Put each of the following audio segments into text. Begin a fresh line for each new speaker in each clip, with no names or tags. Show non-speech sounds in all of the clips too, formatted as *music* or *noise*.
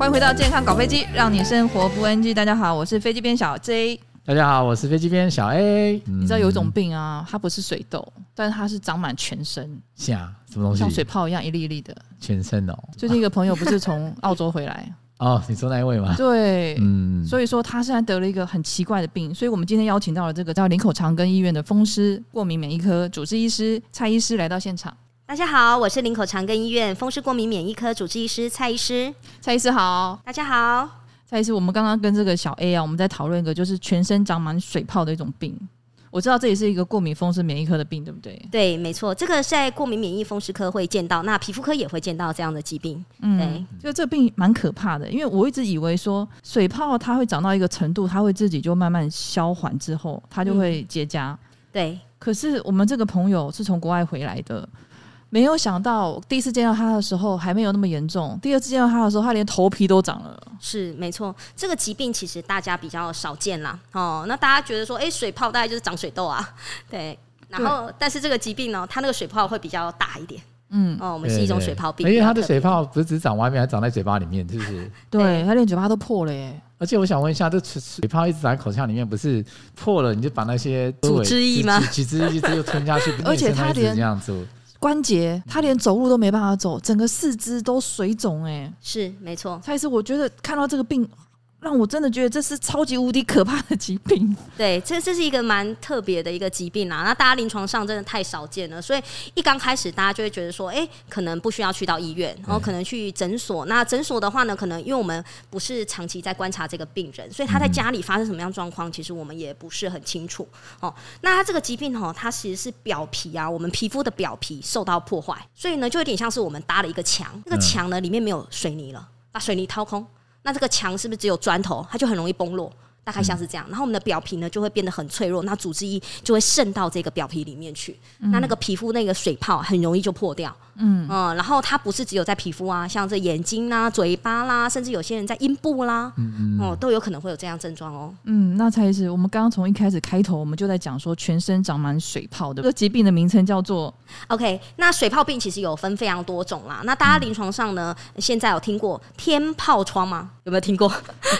歡迎回到健康搞飛機，讓你生活不 NG。大家好，我是飛機編小 J。
大家好，我是飛機編小 A，嗯。你知道有一種
病啊，它不是水痘，但是它是長滿全身。
什麼東西？像水
泡一樣一粒一粒的。
全身哦，
最近一個朋友不是從澳洲回來、
啊、 *laughs* 哦？你說哪一位嗎？對，嗯，所以
說他現在得了一個很奇怪的病，所以我們今天邀請到了這個叫林口長庚醫院的風濕過敏免疫科主治醫師蔡醫師來到現場。
大家好，我是林口長庚醫院風濕過敏免
疫科主治醫師蔡醫師。蔡醫師好，大家好。蔡醫師，我們剛剛跟這個小 A 啊，我們在討論一個就是全身長滿水泡的一種病。我知道這也是一個過敏風濕免疫科的病，對不對？
對，沒錯，這個在過敏免疫風濕科會見到，那皮膚科也會見到這樣的疾病。
對，嗯，就這個病蠻可怕的，因為我一直以為說水泡它會長到一個程度，它會自己就慢慢消緩之後，它就會結痂。嗯、對，可是我們這個朋友是從國外回來的。沒有想到，第一次見到他的時候還沒有那麼嚴重。第二次見到他的時候，他連頭皮都長了
是。是沒錯，這個疾病其實大家比較少見啦。哦，那大家覺得說，哎，水泡大概就是長水痘啊，對。然後，但是這個疾病呢、哦，它那個水泡會比較大一點。嗯，哦，我們是一
種水泡病。因為他的水泡不是只長外面，還長在嘴巴裡面，是、就、
不是？對，他連嘴巴都破了耶。
而且我想問一下，這水水泡一直長在口腔裡面，不是破了你就把那些組織液嗎？組織液一直就吞下去，而且他的
關節，他連走路都沒辦法走，整個四肢都水腫，哎，是沒錯。蔡醫師，我覺得看到這個病，讓我真的覺得這是超級無敵可怕的疾病。
對，這這是一個蠻特別的一個疾病啊，那大家臨床上真的太少見了，所以一剛開始大家就會覺得說，誒、欸，可能不需要去到醫院，然後可能去診所。那診所的話呢，可能因為我們不是長期在觀察這個病人，所以他在家裡發生什麼樣狀況、嗯，其實我們也不是很清楚。哦、喔，那他這個疾病哦、喔，它其實是表皮啊，我們皮膚的表皮受到破壞，所以呢，就有點像是我們搭了一個牆、嗯，那個牆呢裡面沒有水泥了，把水泥掏空。那這個牆是不是只有磚頭，它就很容易崩落？大概像是這樣，嗯、然後我們的表皮呢就會變得很脆弱，那組織液就會滲到這個表皮裡面去，嗯、那那個皮膚那個水泡很容易就破掉。嗯，嗯，然後它不是只有在皮膚啊，像這眼睛啊、嘴巴啦，甚至有些人在陰部啦，嗯嗯哦，都有可能會有這樣
症狀哦。嗯，那蔡醫師，我們剛剛從一開始開頭，我們就在講說全身長滿水泡的這個疾病的名稱叫做。OK，
那水泡病其實有分非常多
種啦。那大家臨床
上呢，嗯、現在有聽過天皰瘡嗎？有沒有聽過？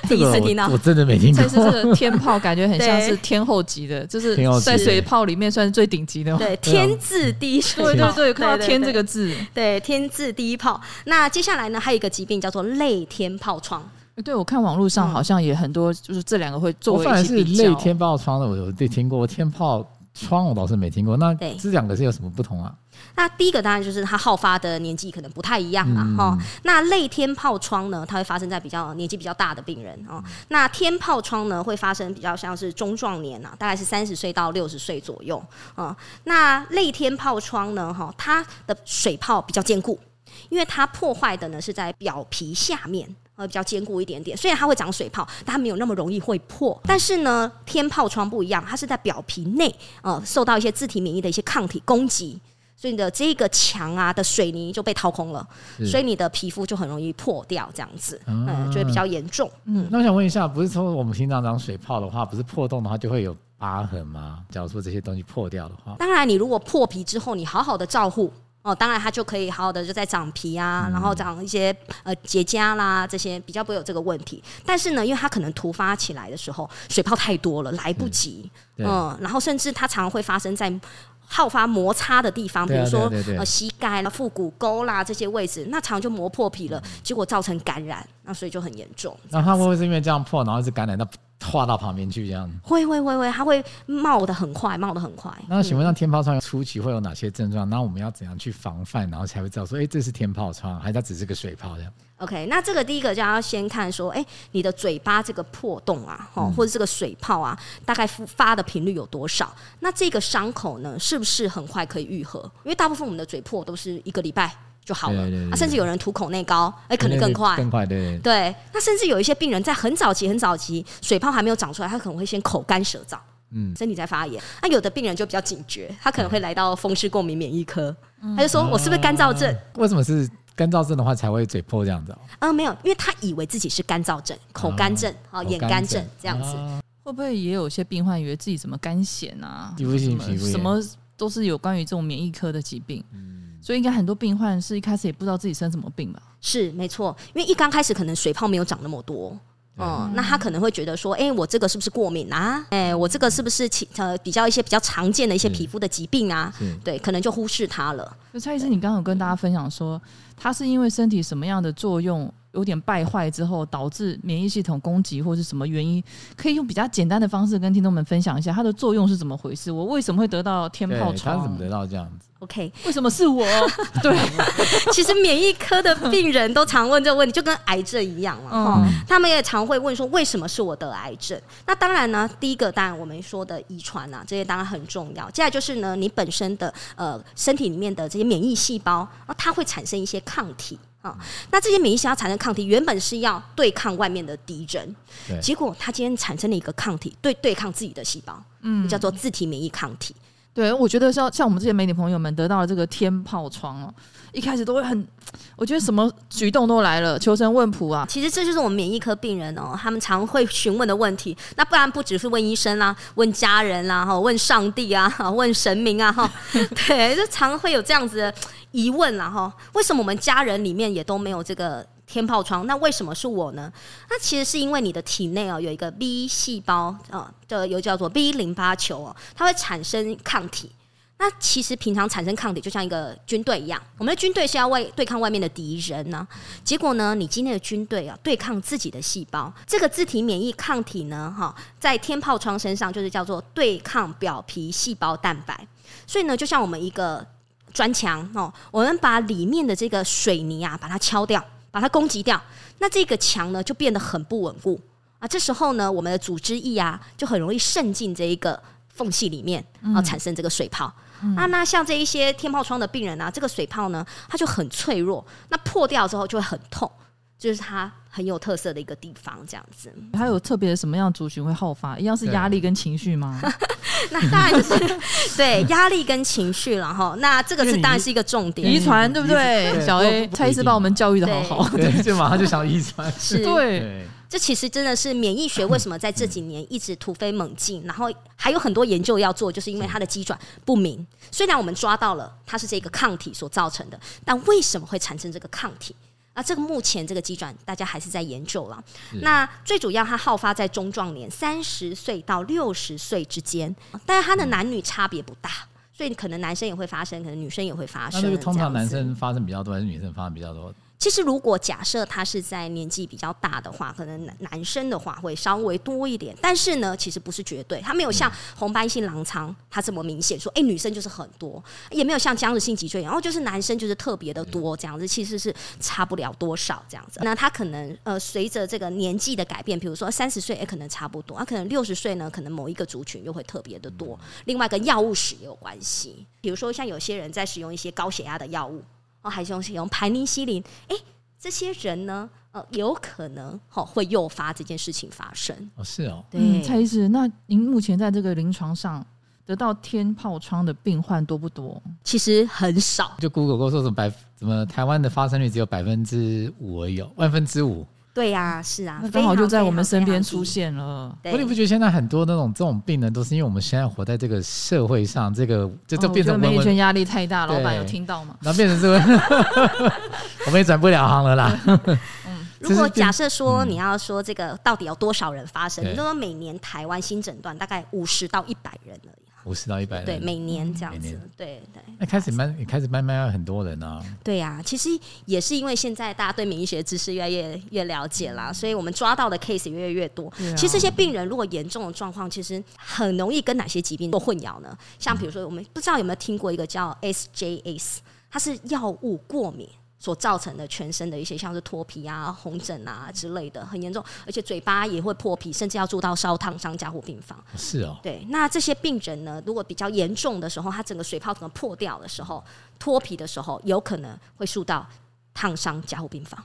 第一次聽到，我真的沒聽過。 *laughs* *laughs* 是這個天
皰，感覺很像是天後級的，就是在水泡裡面算是最頂級的級。對，天字
第一對、啊，對對對對字，對對對，看到“天”這個字，對，天字第一皰。那接下來呢，還有一個疾病叫做類天皰瘡。
對，我看網絡上好像也很多，嗯、就是這兩個會
作
為一些比較，類天皰瘡的，我有聽過，天皰。窗我倒是沒聽過，那這兩個是有什麼不同啊？
那第一個當然就是它好發的年紀可能不太一樣啦。哈、嗯哦。那類天皰瘡呢，它會發生在比較年紀比較大的病人啊、哦嗯。那天皰瘡呢，會發生比較像是中壯年吶、啊，大概是三十歲到六十歲左右啊、哦。那類天皰瘡呢，哈，它的水泡比較堅固，因為它破壞的呢是在表皮下面。呃，比較堅固一點點，雖然它會長水泡，但它沒有那麼容易會破。但是呢，天皰瘡不一樣，它是在表皮內，呃，受到一些自體免疫的一些抗體攻擊，所以你的這個牆啊的水泥就被掏空了，所以你的皮膚就很容易破掉，這樣子，嗯，就會比較嚴重。
嗯，那我想問一下，不是說我們平常長水泡的話，不是破洞的話就會有疤痕嗎？假如說這些東西破掉的話，當然，
你如果破皮之後，你好好的照護。哦，當然，它就可以好好的就在長皮啊，然後長一些呃結痂啦，這些比較不會有這個問題。但是呢，因為它可能突發起來的時候，水泡太多了，來不及，嗯，嗯然後甚至它常常會發生在好發摩擦的地方，比如說呃膝蓋啦、腹股溝啦這些位置，那常就磨破皮了，結果造成感染，那所以就很嚴重。
那它會不會是因為這樣破，然後是感染？那畫到旁邊去，這樣
會會會會，它會冒得很快，冒得很快。那請問，
那天皰瘡初期會有哪些症狀？那、嗯、我們要怎樣去防範，然後才會知道說，哎、欸，這是天皰瘡，還是它只是個水泡這
樣？OK，那這個第一個就要先看說，哎、欸，你的嘴巴這個破洞啊，哦，或者這個水泡啊，嗯、大概復發的頻率有多少？那這個傷口呢，是不是很快可以癒合？因為大部分我們的嘴破都是一個禮拜。就好了，對對對對，啊，甚至有人塗口內膏，哎、欸，可能更快，欸。更快，對，對。對，對，那甚至有一些病人在很早期、很早期，水泡還沒有長出來，他可能會先口乾舌燥，嗯，身體在發炎。那有的病人就比較警覺，他可能會來到風濕過敏免疫科，他就說我是不是乾燥症、
嗯呃，為什麼是乾燥症的話才會嘴破這樣子，喔？啊、
呃，沒有，因為他以為自己是乾燥症、口乾症、好、啊、眼乾症，啊、這樣子。會不會也有些病患以為自己怎麼，啊、什麼乾癬啊，什麼都是有關於這種免疫科的疾病？嗯所以應該很多病患是一開始也不知道自己生什麼病吧？
是，沒錯，因為一剛開始可能水泡沒有長那麼多，嗯，嗯，那他可能會覺得說，哎、欸，我這個是不是過敏啊？哎、欸，我這個是不是其呃比較一些比較常見的一些皮膚的疾病啊？對，可能就忽視它了。
那蔡醫生，你剛有跟大家分享說，它是因為身體什麼樣的作用？有點敗壞之後，導致免疫系統攻擊，或是什麼原因，可以用比較簡單的方式跟聽眾們分享一下它的作用是怎麼回事。我為什麼會得到天皰瘡？他怎麼得
到這樣子
？OK，為什麼是我？ *laughs* 對， *laughs* 其實免疫科的
病人都常問這個問題，就跟癌症一樣嘛。嗯、他們也常會問說，為什麼是我得癌症？那當然呢，第一個當然我們說的遺傳啊，這些當然很重要。接下來就是呢，你本身的呃身體裡面的這些免疫細胞它會產生一些抗體。啊、哦，那這些免疫細胞產生抗體，原本是要對抗外面的敵人，對。結果它今天產生了一個抗體，對對抗自己的細胞，嗯，叫做自體免疫抗體。
對，我覺得像像我們這些美女朋友們得到了這個天皰瘡哦，一開始都會很，我覺得什麼舉動都來了，求神問卜啊。其實這就是我們免疫科病人哦，他們常會詢問的問
題。那不然不只是問醫生啦、啊，問家人啦，哈，問上帝啊，哈，問神明啊，哈， *laughs* 對，就常會有這樣子的。疑問了哈，為什麼我們家人裡面也都沒有這個天疱瘡？那為什麼是我呢？那其實是因為你的體內啊有一個 B 細胞啊，的又叫做 B 淋巴球哦，它會產生抗體。那其實平常產生抗體就像一個軍隊一樣，我們的軍隊是要為對抗外面的敵人吶。結果呢，你今天的軍隊啊對抗自己的細胞，這個自體免疫抗體呢，哈，在天疱瘡身上就是叫做對抗表皮細胞蛋白。所以呢，就像我們一個。磚牆哦，我們把裡面的這個水泥啊，把它敲掉，把它攻擊掉，那這個牆呢就變得很不穩固啊。這時候呢，我們的組織液啊就很容易滲進這一個縫隙裡面，嗯、然後產生這個水泡。啊、嗯，那像這一些天泡瘡的病人啊，這個水泡呢，它就很脆弱，那破掉之後就會很痛。就是它很有特色的一個地方，這樣子。
它有特別的什麼樣的族群會好發？一樣是壓力跟情緒嗎？ *laughs* 那當
然、就是 *laughs* 對壓力跟情緒了哈。那這個是當然是一個重點，遺傳對不對,對？小 A 他一直把我們教育得好
好，對，對就馬上就想要遺傳。是對，
對。這其實真的是免疫學為什麼在這幾年一直突飛猛進，然後還有很多研究要做，就是因為它的機轉不明。雖然我們抓到了它是這個抗體所造成的，但為什麼會產生這個抗體？啊，這個目前這個機轉大家還是在研究了。那最主要它好發在中壯年，三十歲到六十歲之間，但是它的男女差別不大，所以可能男生也會發生，可能女生也會發生。那就是通常男生
發生比較多，還是女生發生比較多？其
實，如果假設他是在年紀比較大的話，可能男，男生的話會稍微多一點。但是呢，其實不是絕對，他沒有像紅斑性狼瘡，他這麼明顯說，哎，女生就是很多，也沒有像僵直性脊椎炎，然、哦、後就是男生就是特別的多這樣子，其實是差不了多少這樣子。那他可能呃，隨着這個年紀的改變，比如說三十歲，也可能差不多，啊，可能六十歲呢，可能某一個族群又會特別的多。另外一個藥物史也有關係，比如說像有些人在使用一些高血壓的藥物。哦，還是用，用盤尼西林？哎，這些人呢，呃，有可能哈會誘發這件事情發生。
哦，是哦，對。嗯，蔡
醫師，那您目前在這個臨床上得到天皰瘡的病患多不多？
其實很少。就 Google Go, 說，怎麼百，怎麼台灣的發生率只有百分之五而已，萬分之五。
對呀、啊，是啊，剛好就在我們身邊出現了對。我你不覺
得現在很多那種這種病人都是因為我們現在活在這個社會上，這個就這變成每，哦，一圈壓力太大。老闆有聽到嗎？那變成這個 *laughs* *laughs* 我們也轉不了行了啦。嗯，嗯，
如果假設說你要說這個到底有多少人發生？你，嗯，就是，說每年台灣新診斷大概五十到一百人而已。
五十到一百，對，每
年這樣子，對、嗯、
對。那、欸、開始慢，開始慢慢有很多人呢、啊。
對呀、啊，其實也是因為現在大家對免疫學知識越來越越了解啦，所以我們抓到的 case 也越來越多、啊。其實這些病人如果嚴重的狀況，其實很容易跟哪些疾病做混淆呢？像比如說，我們不知道有沒有聽過一個叫 SJS，它是藥物過敏。所造成的全身的一些像是脫皮啊、紅疹啊之類的很嚴重，而且嘴巴也會破皮，甚至要住到燒燙傷加護病房。是哦，對，那這些病人呢，如果比較嚴重的時候，他整個水泡可能破掉的時候、脫皮的時候，有可能會住到燙傷加護病房。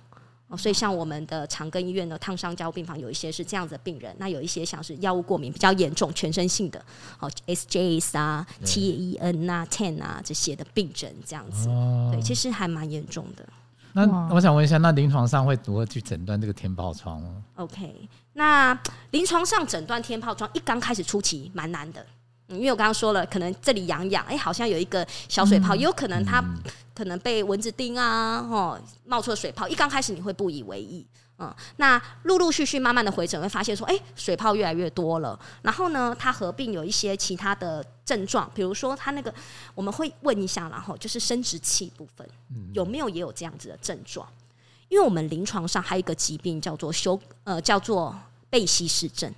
所以，像我們的長庚醫院的燙傷加護病房，有一些是這樣子的病人。那有一些像是藥物過敏比較嚴重、全身性的哦，SJS 啊、TEN 啊、Ten 啊這些的病人。這樣子、哦，對，其實還蠻嚴重的。
那我想問一下，那臨床上會如何去診斷這個天皰瘡
？OK，那臨床上診斷天皰瘡一剛開始初期蠻難的。嗯、因為我剛剛說了，可能這裡癢癢，哎、欸，好像有一個小水泡，嗯、也有可能它、嗯、可能被蚊子叮啊，吼，冒出了水泡。一剛開始你會不以為意，嗯，那陸陸續續慢慢的回診會發現說，哎、欸，水泡越來越多了，然後呢，它合併有一些其他的症狀，比如說它那個我們會問一下，然後就是生殖器部分有沒有也有這樣子的症狀，嗯，因為我們臨床上還有一個疾病叫做修呃叫做貝西氏症。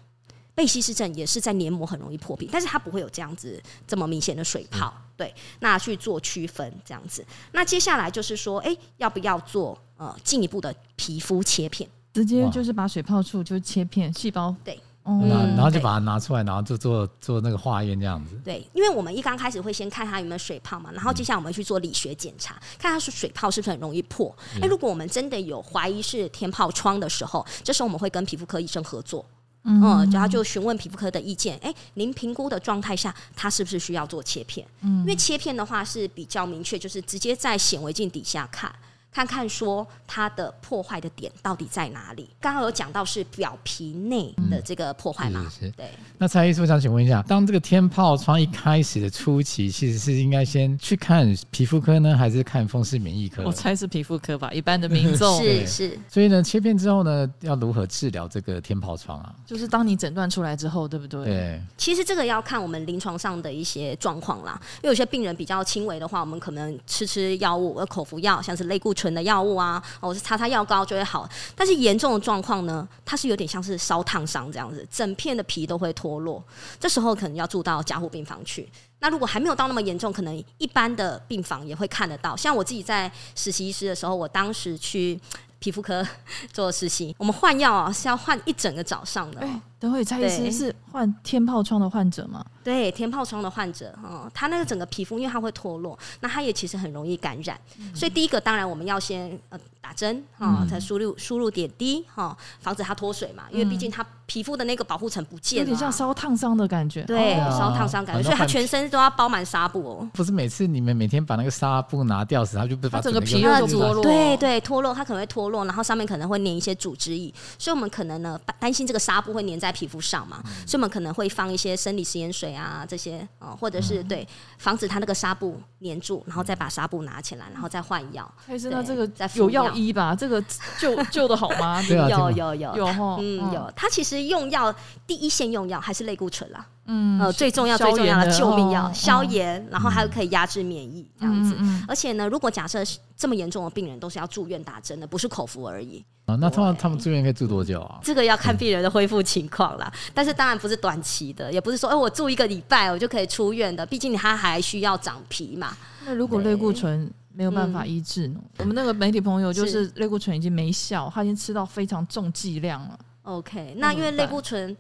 貝西斯症也是在黏膜很容易破皮，但是它不會有這樣子這麼明顯的水泡。對，那去做區分這樣子。那接下來就是說，誒、欸，要不要做呃進一步的皮膚切片？
直接就是把水泡處就切片，細胞對、嗯
然，然後就把它拿出來，然後就做做做那個化驗這樣子。
對，因為我們一剛開始會先看它有沒有水泡嘛，然後接下來我們去做理學檢查，嗯、看它是水泡是不是很容易破。誒、欸，如果我們真的有懷疑是天泡瘡的時候，這時候我們會跟皮膚科醫生合作。Mm -hmm. 嗯，然後就詢問皮膚科的意見。哎、欸，您評估的狀態下，他是不是需要做切片？Mm -hmm. 因為切片的話是比較明確，就是直接在顯微鏡底下看。看看說它的破壞的點到底在哪裡？剛剛有講到是表皮內的這個破壞嘛、
嗯是是是？對。那蔡醫師想請問一下，當這個天皰瘡一開始的初期，其實是應該先去看皮膚科呢，還是看風濕免疫科？我
猜是皮膚科吧，一般的民眾 *laughs* 是是。
所以呢，切片之後呢，要如何治療這個天皰瘡啊？
就是當你診斷出來之後，對不對？對。
其實這個要看我們臨床上的一些狀況啦，因為有些病人比較輕微的話，我們可能吃吃藥物，呃，口服藥，像是類固醇。的藥物啊，我、哦、是擦擦藥膏就會好。但是嚴重的狀況呢，它是有點像是燒燙傷這樣子，整片的皮都會脫落。這時候可能要住到加護病房去。那如果還沒有到那麼嚴重，可能一般的病房也會看得到。像我自己在實習醫師的時候，我當時去皮膚科做實習，我們換藥啊是要換一整個早上的、哦。嗯
等會，蔡醫師是患天皰瘡的患者嗎？
對，天皰瘡的患者哦，他那個整個皮膚因為他會脫落，那他也其實很容易感染。嗯、所以第一個，當然我們要先呃打針啊，再、哦、輸入輸入點滴哈、哦，防止他脫水嘛。因為畢竟他皮膚的那個保護層不見了，嗯、有點像
燒燙傷的感覺。對，
燒燙傷感覺，所以他全身都要包滿紗布、哦。
不是每次你們每天把那個紗布拿掉時，他就被把，個就是把整個皮肉脫落。對
對，脫落，他可能會脫落，然後上面可能會粘一些組織液，所以我們可能呢擔心這個紗布會粘在。在皮膚上嘛、嗯，所以我們可能會放一些生理食鹽水啊，這些，哦、或者是、嗯、對，防止它那個紗布粘住，然後再把紗布拿起來，然後再換藥。嗯、
是那這個有藥醫，醫吧？這
個救 *laughs* 就救得好嗎？ *laughs* 對啊、有有有有、哦、嗯，嗯，有，有，有嗯，有。他其實用藥第一線用藥還是類固醇啦。嗯，呃，最重要最重要的救命藥，消炎、哦消炎嗯，然後還可以壓制免疫這樣子、嗯嗯嗯。而且呢，如果假設這麼嚴重的病人都是要住院打針的，不是
口服而已、嗯、啊。那他們他們住院可以住多久啊？
這個要看病人的恢復情況啦，但是當然不是短期的，也不是說哎、欸、我住一個禮拜我就可以出院的，畢竟他還需要長皮
嘛。那如果類固醇沒有辦法醫治呢？嗯、我們那個媒體朋友就是類固醇已經沒效，他已經吃到非常重劑量了。
OK，那因為類固醇。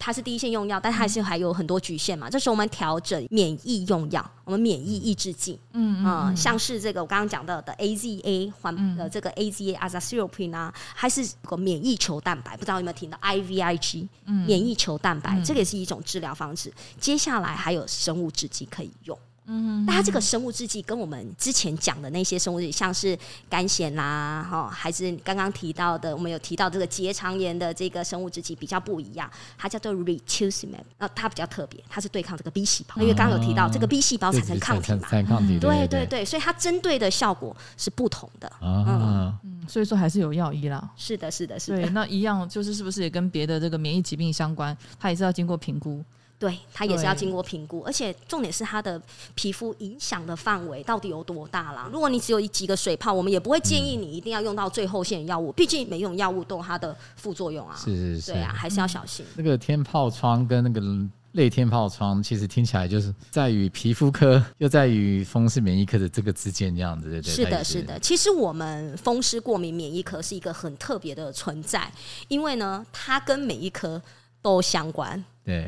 它是第一線用藥，但它還是還有很多局限嘛。嗯、這時候我們調整免疫用藥，我們免疫抑制劑，嗯,嗯,嗯,嗯像是這個我剛剛講到的 AZA 環的、嗯、這個 AZA azathioprine 啊，還是個免疫球蛋白，不知道有沒有聽到 IVIG，、嗯、免疫球蛋白、嗯、這個也是一種治療方式。接下來還有生物制劑可以用。嗯，那它這個生物制劑跟我們之前講的那些生物像是肝炎啦，哈，還是剛剛提到的，我們有提到這個結腸炎的這個生物制劑比較不一樣，它叫做 r e t u s i m a 它比較特別，它是對抗這個 B 細胞、啊，因為剛剛有提到這個 B 細胞產生抗體嘛，對
產抗體對,對,對,對,對
對，所以它針對的效果是不同的
啊，
嗯，所以說還
是有藥醫啦，是的，是的，是的對，那一樣就是是不是也跟別的這個免疫疾病相關，它也是要經過評估。對，它也是要經過
評估，而且重點是它的皮膚影響的範圍到底有多大啦。如果你只有一幾個水泡，我們也不會建議你一定要用到最後線藥物，嗯，畢竟每一種藥物都有它的副作用啊。是是是，對啊，還是要小心。嗯，
那個天皰瘡跟那個類天皰瘡，其實聽起來就是在於皮膚科又在於風濕免疫科的這個之間這樣子，對對，是的，是的是，是的。
其實我們風濕過敏免疫科是一個很特別的存在，因為呢，它跟每一科都相關。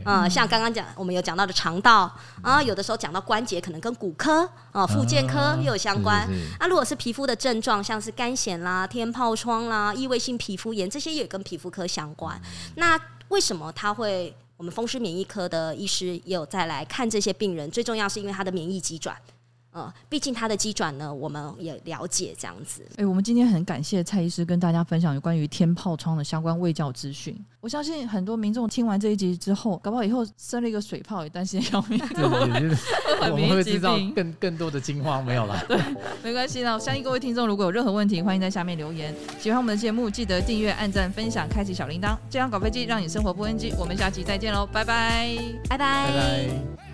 嗯，像剛剛講，我們有講到的腸道啊，有的時候講到關節，可能跟骨科啊、復健科也有相關。那、哦啊、如果是皮膚的症狀，像是乾癬啦、天疱瘡啦、異位性皮膚炎，這些也跟皮膚科相關。那為什麼他會？我們風濕免疫科的醫師也有再來看這些病人，最重要是因為他的免疫機轉。呃、嗯，畢竟他的機轉呢，我們也了解這樣子。
哎、欸，我們今天很感謝蔡醫師跟大家分享有關於天皰瘡的相關衛教資訊。我相信很多民眾聽完這一集之後，搞不好以後生了一個水泡也擔心要命。 *laughs* 也是
*laughs* 我們會製造更 *laughs* 更多的驚慌沒有了。對，
沒關係啦。相信各位聽眾如果有任何問題，歡迎在下面留言。喜歡我們的節目，記得訂閱、按讚、分享、開啟小鈴鐺。健康搞飛機，機讓你生活不 NG。我們下期再見嘍，拜拜，拜拜。拜拜。